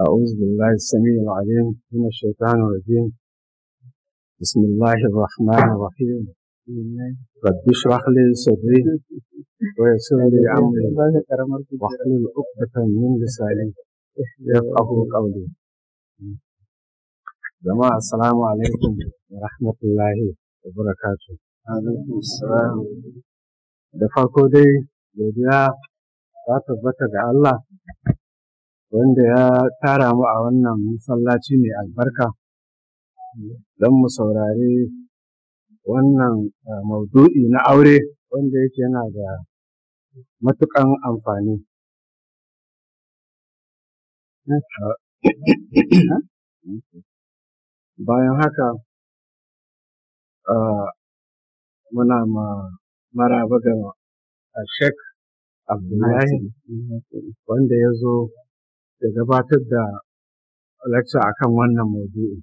أعوذ بالله السميع العليم من الشيطان الرجيم بسم الله الرحمن الرحيم رب اشرح لي صدري ويسر لي أمري واحلل عقدة من لساني يفقهوا قولي جماعة السلام عليكم ورحمة الله وبركاته وعليكم السلام دفاكو دي dai لا ta tabbata ga wanda ya tara mu a wannan masallaci mai albarka don mu saurari wannan ah, maudu'i na aure wanda yake yana da matuƙan amfani. Bayan haka, ah, muna ma maraba ga Sheikh Abdullahi wanda ya zo da gabatar da lecture akan wannan maudu'i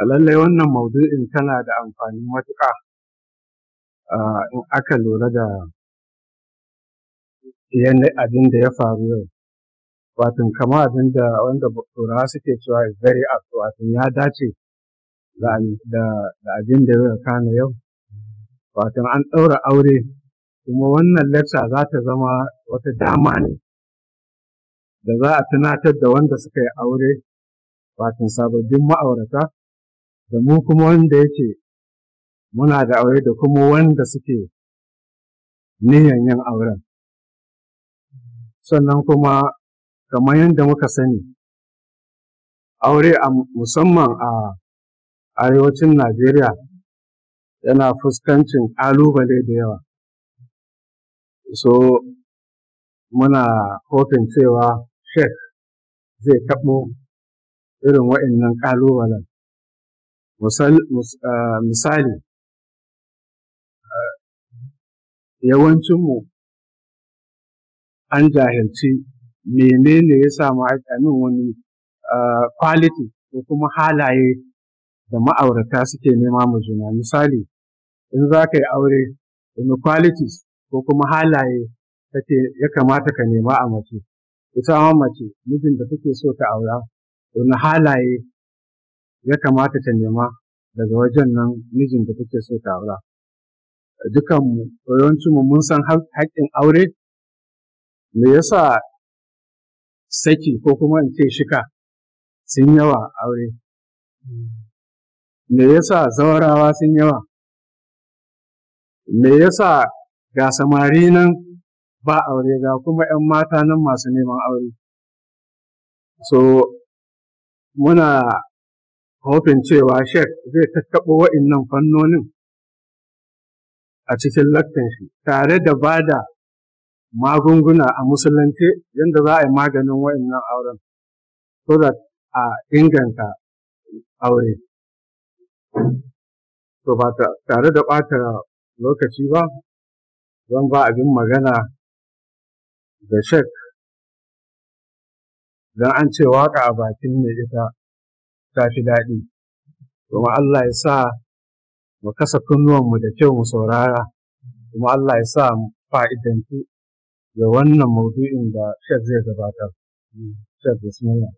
A Lallai wannan maudu'in tana da amfani matuƙa ah, in aka lura da abin da ya faru yau. Watan kama abin da wanda turawa suke cewa is very apt watan ya dace da abin da ya kana yau. Watan an ɗaura aure kuma wannan lecture za ta zama wata dama ne da za a tunatar da wanda suka yi aure watan sababbin ma'aurata da mu kuma wanda yake muna da aure da kuma wanda suke niyan yin auren sannan kuma kamar yadda muka sani aure a musamman a arewacin najeriya yana fuskancin ƙalubale da yawa so muna hopin cewa shek zai taɓo irin waɗannan ƙalubalen. Misali, yawancinmu an jahilci menene ya samu aikamin wani quality ko kuma halaye da ma'aurata suke nema ma juna. Misali, in za ka yi aure, inequalities ko kuma halaye ya kamata ka nema a mace. ita ma mace mijin da take so ta aura wani halaye ya kamata ta nema daga wajen nan mijin da take so ta aura dukan mu yawancin mu mun san haƙƙin aure me yasa saki ko kuma in ce shika sun yawa aure me yasa zawarawa sun yawa me yasa ga samari nan ba aure ga kuma 'yan mata nan masu neman aure so muna hofin cewa shek zai tattaɓo wa'innan fannonin a cikin laktan shi tare da ba da magunguna a Musulunci yadda za a yi maganin wa'innan auren so da a inganta aure So, ba tare da ɓata lokaci ba zan ba abin magana da shek don an ce waƙa a bakin mai ita ta fi daɗi kuma Allah ya sa mu kasa kunnuwanmu da kyau mu saurara kuma Allah ya sa mu fa'idantu da wannan maudu'in da shek zai gabatar shek bismillah